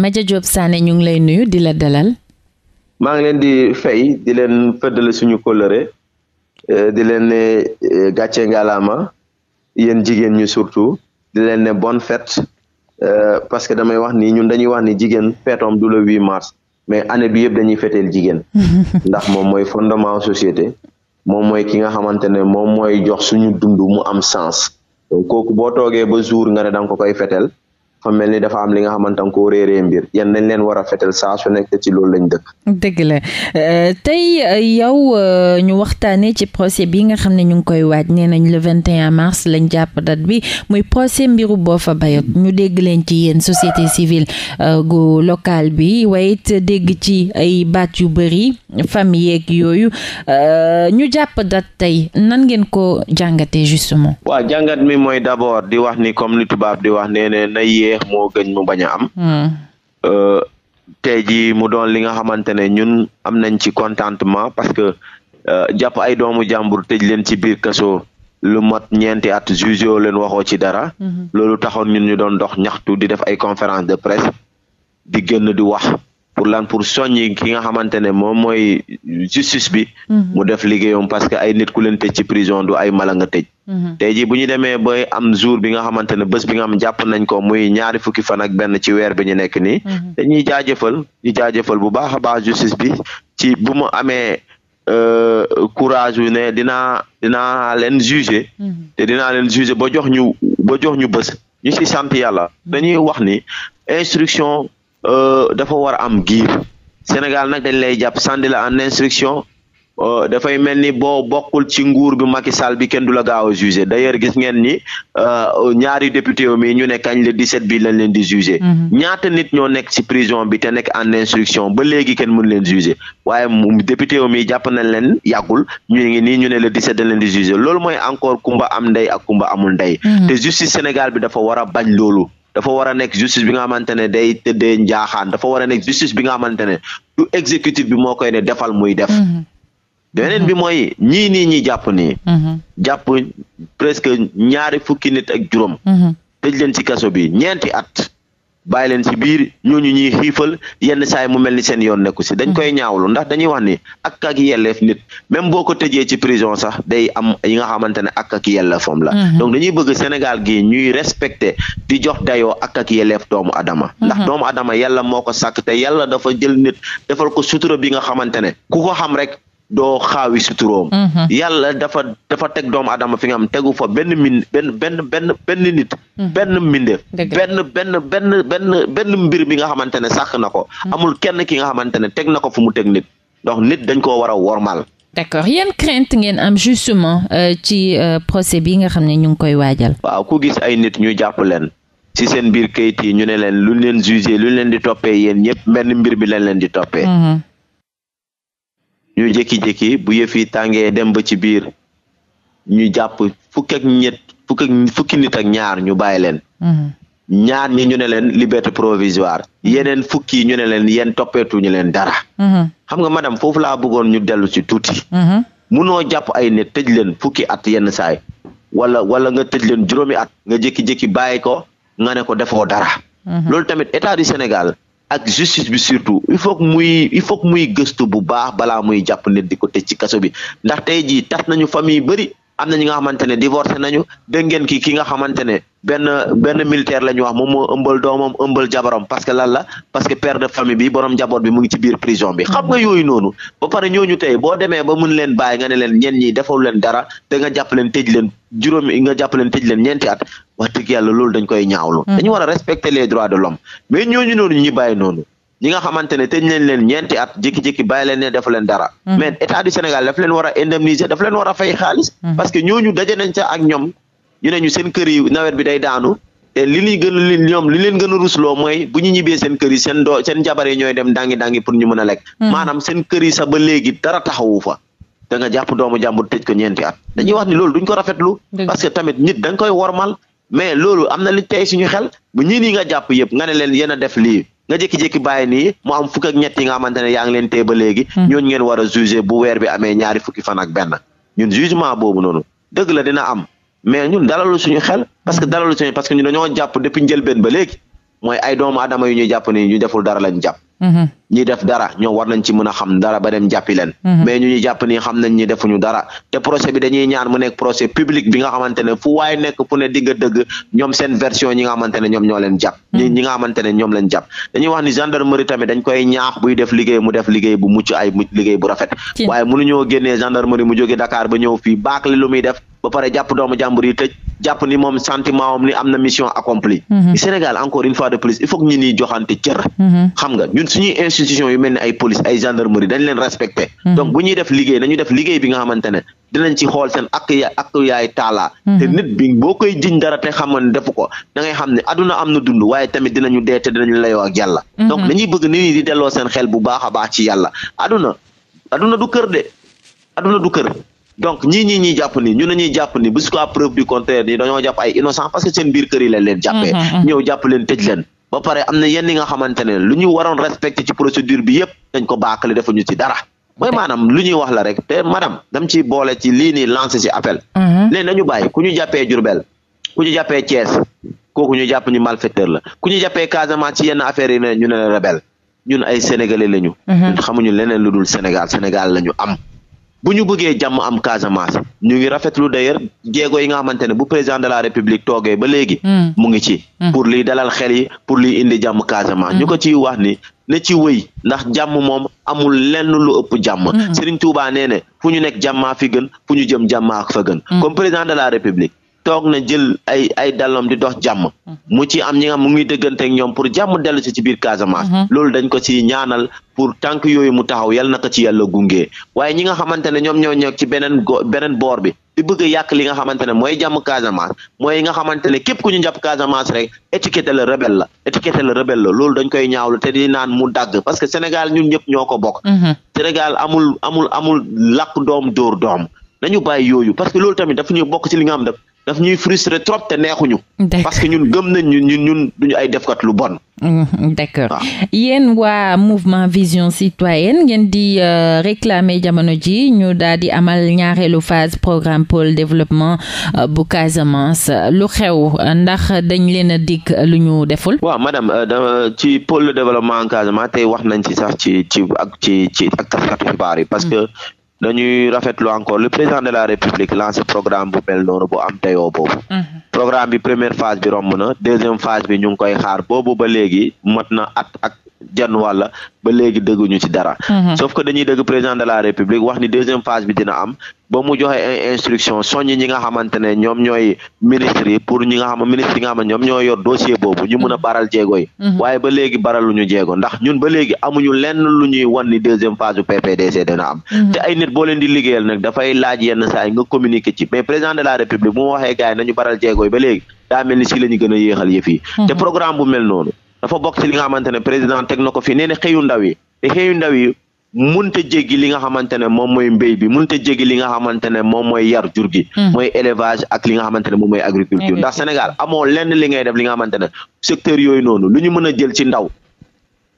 Madja Diop Sané ñu ngi lay nuyu di la dalal. maa ngi leen di fay di leen fëddale suñu kóllëre eh, di leen ne eh, gàcce ngalaama yéen jigéen ñu surtout di leen ne bonne fête eh, parce que damay wax ni ñun dañuy wax jigéen feetoom du le huit mars mais année bi yëpp dañuy feteel jigéen ndax moom mooy fondement société moom mooy ki nga xamante ne moom mooy jox suñu dund mu am sens donc kooku boo toogee ba jour nga ne ko koy feteel fa mel ni dafa am li nga xamante ne koo mbir yan leen war a saa su nekk ci loolu lañ dëkk. Euh, tey euh, yow euh, ñu waxtaanee ci procès bi nga xam ne ñu ngi koy waaj nee nañ le 21 mars lañ jàpp date bi muy procès mbiru Boffa Bayotte ñu dégg leen ci yéen société civile gu locale bi waaye it dégg ci ay baat yu bëri famille yeeg yooyu ñu jàpp date tey nan ngeen ko jàngatee justement. waaw jàngat mi mooy d'abord di wax ni comme li tubaab di wax nee na yeex moo gën mu bañ a am hmm. euh, tey jii mu doon li nga xamante ne ñun am nañ ci contentement parce que euh, jàpp ay doomu jàmbur tëj leen ci biir kaso lu mat ñeenti at juge leen waxoo ci dara hmm. loolu taxoon ñun ñu doon dox ñaxtu di def ay conférence de presse di génn di wax pour lan pour soññi ki nga xamante ne moom mooy justice bi. Mhm. mu def liggéeyam parce que ay nit ku leen tëj ci prison du ay mala nga tëj. Mhm. tey jii bu ñu demee ba am jour bi nga xamante ne bés bi nga xam jàpp nañ ko muy ñaari fukki fan ak benn ci weer bi ñu nekk nii. Mhm. dañuy jaajëfal ñu jaajëfal bu baax a baax justice bi ci bu mu amee euh, courage yu ne dinaa dinaa leen juger. te dinaa leen juger ba jox ñu ba jox ñu bés ñu ci sant yàlla dañuy wax ni instruction. Euh, dafa war a am giir Sénégal nag dañ lay jàpp sandi la en instruction euh, dafay mel ni boo bokkul ci nguur bi Macky Sall bi kenn du la gaaw a jugé d'ailleurs gis ngeen ni euh, ñaari député yoo mi ñu ne kañ le 17 bi lañ leen di jugé. Mm-hmm. ñaata nit ñoo nekk ci prison bi te nekk en instruction ba léegi kenn mënu leen jugé waaye mu député yoo mi jàpp nañ leen yàggul ñu ngi nii ñu ne le 17 dañ leen di jugé loolu mooy encore kumba am ndey ak kumba amul ndey. Mm-hmm. te justice Sénégal bi dafa war a bañ loolu. dafa war a nekk justice bi nga xamante ne day tëddee njaaxaan dafa war a nekk justice bi nga xamante ne du exécutif bi moo koy ne defal muy def mm-hmm. beneen bi mm-hmm. mooy ñi nii ñi jàpp nii mm-hmm. jàpp presque ñaari fukki nit ak juróom tëj leen ci kaso bi ñeenti at bàyyi leen ci biir ñooñu ñuy xiifal yenn saay mu mel ni seen yoon nekku si dañ koy ñaawlu ndax dañuy wax ni ak ak yelleef nit même boo ko tëjee ci prison sax day am yi nga xamante ne ak ak yelleefam la mm-hmm. donc dañuy bëgg Sénégal gi ñuy respecté di jox dayoo ak ak yelleef doomu adama mm-hmm. ndax doomu adama yàlla moo ko sàkk te yàlla dafa jël nit defal ko sutura bi nga xamante ne ku ko xam rek doo xaawi suturoom mhm. yàlla dafa dafa teg doom adama fi nga xam tegu fo benn min benn benn benn benn nit mhm. benn mbindeef benn benn benn benn benn mbir mi nga xamante ne sàkk na ko mhm. amul kenn ki nga xamante ne teg na ko fu mu teg nit donc nit dañ koo war a wormaal d'accord yan crainte ngeen am justement euh, ci euh, procès bi nga xam ne ñu ngi koy waajal waaw ku gis ay nit ñuy jàpp leen ci seen biir kayit yi ñu ne leen luñ leen jugé luñ leen di toppee yéen ñëpp benn mbir bi lañ leen di toppee ñu jékki-jékki bu yëf yi tàngee dem ba ci biir ñu jàpp fukk ak fukk fukki nit ak ñaar ñu bàyyi leen mhm. ñaar ñi ñu ne leen liberté provisoire mhm. yeneen fukki yi ñu ne leen yéen toppeetuñu leen dara mhm. xam nga madame foofu laa bëggoon ñu delu ci tuuti munoo jàpp ay nit tëj leen fukki at yenn saay wala wala nga tëj leen juróomi at nga jékki-jékki bàyyi ko nga ne ko defoo dara loolu tamit état du Sénégal ak justice bi surtout il faut muy il faut que gëstu bu baax balaa muy jàpp nit di ko ci kaso bi ndax tey jii tas nañu famille bëri am na ñi nga xamante ne divorcé nañu dégg ngeen ki ki nga xamante ne benn benn militaire la ñu wax moom moo ëmbal doomam ëmbal jabaram parce que lan la parce que père de famille bi borom njaboot bi mu ngi ci biir prison bi xam nga yooyu noonu ba pare ñooñu tey boo demee ba mun leen bàyyi nga ne leen ñenn ñi defal leen dara da nga jàpp leen tëj leen juróomi nga jàpp leen tëj leen ñeenti at wax dëgg yàlla loolu dañ koy ñaawlu. Hmm. dañu war a respecter les droits de l'homme mais ñooñu noonu ñu bàyyi noonu. ñi nga xamante ne tëj nañ leen ñeenti at jékki-jékki bàyyi leen ne def leen dara. Hmm. mais état du Sénégal daf leen war a indemniser daf leen war a fay xaalis. Hmm. parce que ñooñu daje nañ ca ak ñoom ñu ne ñu seen kër yi nawet bi day daanu. te li li gën li ñoom li leen gën a rusloo mooy bu ñu ñibbee seen kër yi seen doo seen jabar yi ñooy dem dangi dangi pour ñu mën a lekk. maanaam seen kër yi sax ba léegi dara taxawu fa. da nga jàpp doomu jàmbur tëj ko ñeenti at dañuy wax loolu duñ ko rafetlu parce que tamit nit da koy wormal mais loolu am na li tey suñu xel bu ñii nga jàpp yëpp nga ne leen yéen a nii mu am fukk ak nga xamante ne yaa leen téye ba léegi hmm. ñooñu ngeen war a bu weer bi amee ñaari fukki fan ak ñun jugement boobu noonu dëgg la dina am mais ñun dalalu suñu xel parce que dalalu suñu parce que ñu dañoo jàpp jàpp ni ñu deful dara lañ jàpp Mhm. ñi def dara ñoom war nañ ci mën a xam dara ba dem jàppi leen mhm. ñu ñu jàpp ni xam nañ ñi defuñu dara te procès bi dañuy ñaan mu nekk procès public bi nga xamante fu waaye nekk fu ne digg dëgg ñoom seen version ñi nga ñoom ñoo leen jàpp mhm. ñi ñi ñoom leen jàpp dañuy wax ni gendarmerie tamit dañ koy ñaax buy def liggéey bu mucc ay bu rafet waaye mënuñoo génnee gendarmerie mu jóge Dakar ba ñëw fii baak li lu muy def ba pare jàpp doomu suñuy institution yu mel ne ay police ay gendarmerie dañ leen respecté hmm. donc bu ñuy def liggéey nañu def liggéey bi nga xamante ne dinañ ci xool seen ak yaay taalaa hmm. te nit bi boo koy jiñ dara te xamoon defu ko da ngay xam ne aduna am na dund waaye tamit dinañu dee te dinañu layoo ak yàlla hmm. donc dañuy bëgg nit ñi di delloo seen xel bu baax a baax ci yàlla aduna aduna du kër de aduna du kër donc ñii ñi ñuy jàpp ni ñu na ñuy jàpp ni jusqu'à preuve du contraire nii dañoo jàpp ay innocent parce seen biir kër yi lañ leen jàppee ñëw jàpp leen tëj leen ba pare am na yenn yi nga xamante ne lu ñu waroon respecté ci procédure bi yëpp dañ ko baakali defuñu ci dara mooy maanaam lu ñuy wax la rek te madame dam ci boole ci lii nii lancé ci appel léegi mhm. nañu bàyyi ku ñu jàppee Jurbel ku ñu jàppee Thiès kooku ñu jàpp ñu malfaiteur la ku ñu jàppee Casamance ci yenn affaires yi ñu ne rebelle ñun ay sénégalais lañu. Mhm. xamuñu leneen lu dul Sénégal Sénégal lañu am bu ñu bëggee jàmm am Casamance ñu ngi rafetlu d'ailleurs jéego yi nga xamante ne bu président de la république toogee ba léegi. Mm. mu ngi ci. Mm. pour li dalal xel yi pour liy indi jàmm Casamance. Mm. ñu ko ci wax ni ne ci wëy ndax jàmm moom amul lenn lu ëpp jàmm. Serigne Touba nee ne fu ñu nekk jàmmaa fi gën fu ñu jëm jàmmaa fa gën. comme président de la république. toog na jël ay ay dallam di dox jàmm mm-hmm. mu ci am ñi nga mu ngi dëgganteek ñoom pour jàmm dellu si ci biir Casamance mm-hmm. loolu dañ mu taxaw yal na ko ci yàlla gunge waaye ñi nga xamante ne ñoom ñoo ñëw ci beneen go beneen boor bi di bëgg a yàq ne mooy jàmm Casamance mooy nga xamante ne képp ku ñu jàpp Casamance rek étiquette la rebelle la étiquette la rebelle koy ñaawlu te di naan mu dagg parce que Sénégal ñun ñëpp ñoo ko bokk mm-hmm. Sénégal amul amul amul lakk doom dóor doom nañu bàyyi yooyu parce que loolu tamit dafa ñu bokk ci li nga xam def daf ñuy frustré trop te neexuñu. parce que ñun gëm nañ ñun ñun duñu ay defkat lu bon. Mm-hmm. d' ah. yéen waa mouvement vision citoyenne ngeen di euh, réclamer jamono ji ñu daal di amal ñaareelu phase programme pôle développement euh, bu Casamance lu xew ndax dañ leen a dig lu ñu deful. waaw madame euh, ci pôle développement Casamance tey wax nañ ci sax ci ci ak ci ci ak taskatu xibaar yi parce que. Mm. dañuy rafetlu encore le président de la république lancé programme bu mel noonu bu am mhm. programme bi première phase bi romb deuxième phase bi ñu koy xaar boobu ba léegi mat na at genn wàlla ba léegi dëgguñu ci dara mhm. sauf que dañuy dëgg président de la république wax ni deuxième phase bi dina am ba mu joxe instruction soññ ñi nga xamante ñoom ñooy ministre pour ñi nga xam ministre nga xam ñoom ñoo yor dossier boobu ñu mun a baral jéego mhm. waaye ba léegi baraluñu jéego ndax ñun ba léegi amuñu lenn lu ñuy ni deuxième phase bu PPDC dina am mhm. te ay nit boo di liggéeyal nag dafay laaj yenn saa nga communiquer ci mais président la république a yéexal yëf yi dafa bokk ci li nga xamante ne président teg na ko fi nee na xëyu ndaw te xëyu ndaw yi mënut a li nga xamante ne moom mooy mbéy bi a jéggi li nga xamante ne moom mooy yar jur gi. Hmm. mooy élevage ak li nga xamante ne moom mooy agriculture li ngay def li ne secteur yooyu noonu lu ñu a jël ci ndaw.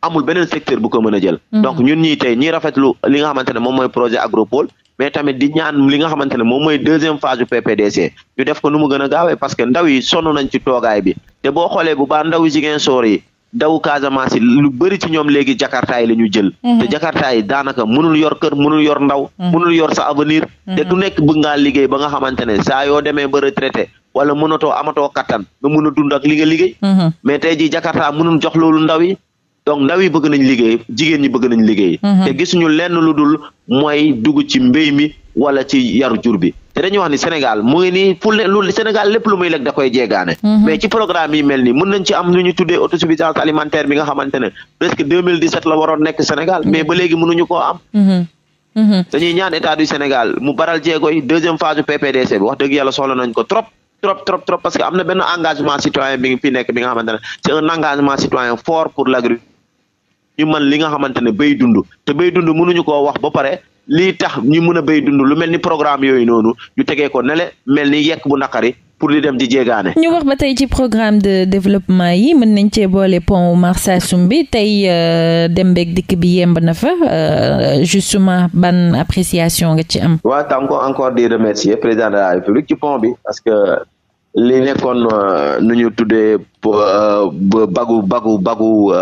amul beneen secteur bu a mën a jël hmm. donc ñun ñii ñi rafetlu li nga xamante ne moom projet agropole mais tamit di ñaan li nga xamante ne moom mooy deuxième phase du ñu def ko nu mu gën a gaawee parce que ndaw yi nañ ci toogaay bi te boo xoolee bu baax ndaw yi jigéen daw Casamance yi lu bëri ci ñoom léegi jakarta yi la ñu jël mhm. te jakarta yi daanaka mënul yor kër mënul yor ndaw mhm. mënul yor sa avenir mhm. te ku nekk bëgg ngaa liggéey ba nga xamante ne saa yoo demee ba retraité wala mënatoo amatoo kattan nga mën a dund li nga liggéey mais tey ji jakarta mënul jox loolu ndaw yi donc ndaw yi bëgg nañ liggéey jigéen ñi bëgg nañ liggéey te gisuñu lenn lu dul mooy dugg ci mbéy mi wala ci yaru jur bi te dañuy wax ni Sénégal mu ngi nii fu lu lépp lu muy lekk da koy jeegaane mhm. mais ci programme yi mel nii mën nañ ci am lu ñu tuddee autosuffisance alimentaire bi nga xamante ne presque 2017 la waroon nekk Sénégal mais ba léegi mënuñu ko am mhm. Mhm. dañuy ñaan état du Sénégal mu baral jéego yi deuxième phase PPDC bi wax dëgg yàlla soxla nañ ko trop trop trop trop parce que am na benn engagement citoyen bi fi nekk bi nga xamante ne c'est un engagement citoyen fort pour l'agriculture ñu man li nga xamante ne bay dund te bay dund mënuñu koo wax ba pare li tax ñu mun a béy dund lu mel ni programme yooyu noonu ñu tegee ko nele mel ni yekk bu naqari pour di dem di jéegaane. ñu wax ba tey ci programme de développement yi mën nañ cee boole pont Marsassoum bi tey euh, dem beeg dikk bi yemb na fa euh, justement ban appréciation nga ci am. waaw tam ko encore di remercier président de la république ci pont bi parce que li nekkoon euh, nu ñu tuddee bagu bagu bagu.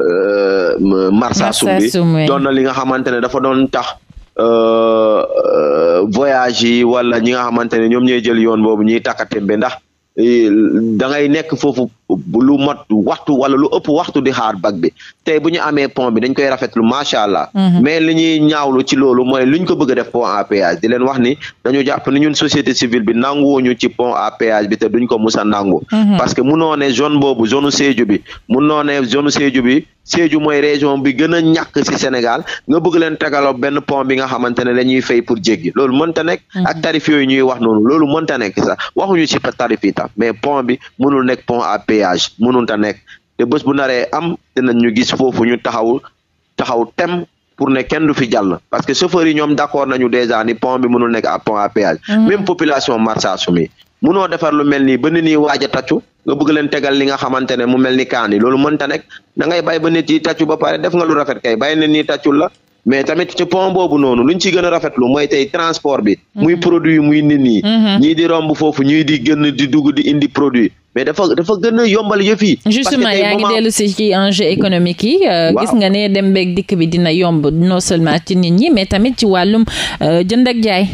Euh, euh, Marsa Sumbi doon na li nga xamante ne dafa doon tax euh, voyage yi wala ñi nga xamante ne ñoom ñooy jël yoon boobu ñuy takkatembe ndax eh, da ngay nekk foofu bu lu mat waxtu wala lu ëpp waxtu di xaar bac bi tey bu ñu amee pont bi dañ koy rafetlu macha allah. Mhm. mais li ñaawlu ci loolu mooy luñ ko bëgg a def pont à péage di leen wax ni dañu jàpp ni bi nanguwuñu te duñ ko mus a nangu. Mhm. parce que munoo ne zone boobu zone Sédhiou bi munoo ne zone bi. Sédhiou mooy région bi gën a ci Sénégal nga bëgg leen tegaloo benn pont nga xamante ne dañuy fay pour jéggi loolu mënta nekk. Mhm. ak tarif yooyu ñuy wax noonu loolu mënta sax waxuñu ci tarif yi mais pont bi nekk pont mariage mënut a nekk te bés bu naree am dinañ ñu gis foofu ñu taxaw tem pour ne kenn du fi jàll parce que chauffeurs ñoom d' accord nañu déjà ni pont bi mënul nekk à pont à péage. Mm. même population Marsassoumi munoo defar lu mel nii ba nit ñi waaj a nga bëgg leen tegal li xamante ne mu mel ni kaani loolu mënta nekk da ngay bàyyi ba nit yi tàccu ba pare def nga lu rafet kay bàyyi nit ñi tàccul la mais tamit ci pont boobu noonu luñ ci gën a rafetlu mooy tey transport bi. mais dafa dafa gën a yombal yëf yi. justement yaa ngi dellu si ci enjeu économique yi. Euh, gis nga ne dem beeg dikk bi dina yomb ci nit ñi mais tamit ci wàllum euh, jënd ak jaay.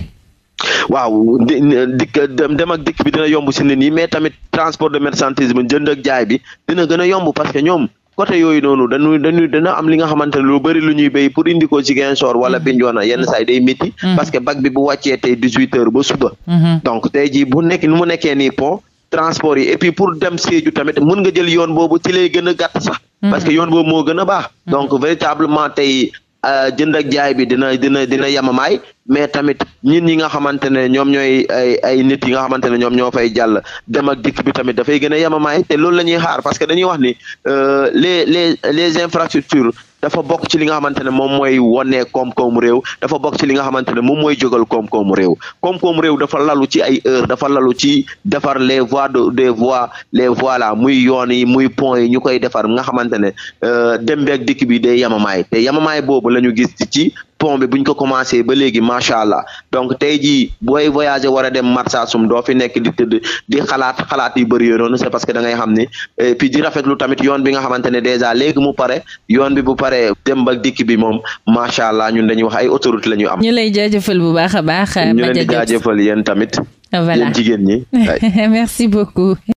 waaw dikk dem ak dikk bi dina yomb si nit ñi mais tamit transport de marchandise bi jaay bi dina gën a yomb parce que ñoom. côté yooyu noonu dañuy dañuy dana am li nga xamante ne lu bëri lu ñuy béy pour indi ko Ziguinchor wala mm-hmm. Bignona yenn saa yi day métti mm-hmm. parce que bag bi bu wàccee tey dix huit heures ba suba mm-hmm. donc tey jii bu nekk nu mu nekkee nii pont transport yi et pour dem Sédhiou tamit mun nga jël yoon boobu ci lay gën a gàtt sax mm-hmm. parce que yoon boobu moo gën a baax mm-hmm. donc véritablement tey euh, jënd ak jaay bi dina dina dina yamamaay mais tamit ñin ñi nga xamante ne ñoom ñooy ay ay nit yi nga ne ñoom ñoo fay jàll dem ak dikk bi tamit dafay gën a yamamaay te loolu la xaar parce que dañuy wax ni euh, les les les infrastructures dafa bokk ci li nga xamante ne moom mooy wone koom-koomu réew dafa bokk ci li nga xamante ne moom mooy jógal koom-koomu réew kom koomu réew dafa lalu ci ay heure dafa lalu ci defar les voies de des voies les voies là muy yoon yi muy pont yi ñu koy defar nga xamante ne euh, dem beeg dikk bi day yamamaay te yamamaay boobu la ñu gis ci pont bi buñ ko commencé ba léegi macha allah donc tey jii booy voyager war a dem Marsassoum doo fi nekk di tëdd xalaat xalaat yu bëri yoonoonu c'est parce que da ngay xam ne et puis di rafetlu tamit yoon bi nga xamante ne dèjà léegi mu pare yoon bi bu pare dem ba dikk bi moom macha allah ñun dañuy wax ay autoroute la ñu am. ñu lay jaajëfal bu baax a baax. ñu leen di jaajëfal yéen tamit. voilà yéen jigéen ñi. merci beaucoup.